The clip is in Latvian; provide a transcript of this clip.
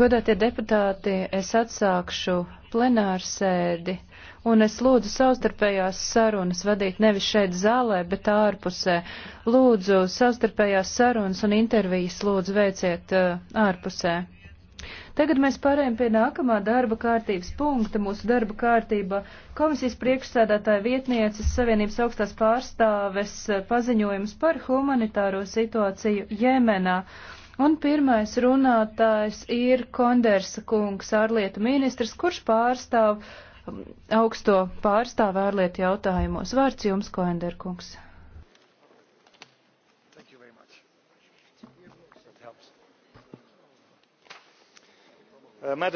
Godātie deputāti, es atsākšu plenārsēdi un es lūdzu savstarpējās sarunas vadīt nevis šeit zālē, bet ārpusē. Lūdzu savstarpējās sarunas un intervijas lūdzu veiciet uh, ārpusē. Tagad mēs pārējām pie nākamā darba kārtības punkta. Mūsu darba kārtība komisijas priekšsēdētāja vietnieces Savienības augstās pārstāves uh, paziņojums par humanitāro situāciju Jemenā. Un pirmais runātājs ir Kondersa kungs, ārlietu ministrs, kurš pārstāv um, augsto pārstāvu ārlietu jautājumos. Vārds jums, Kondera kungs. Uh,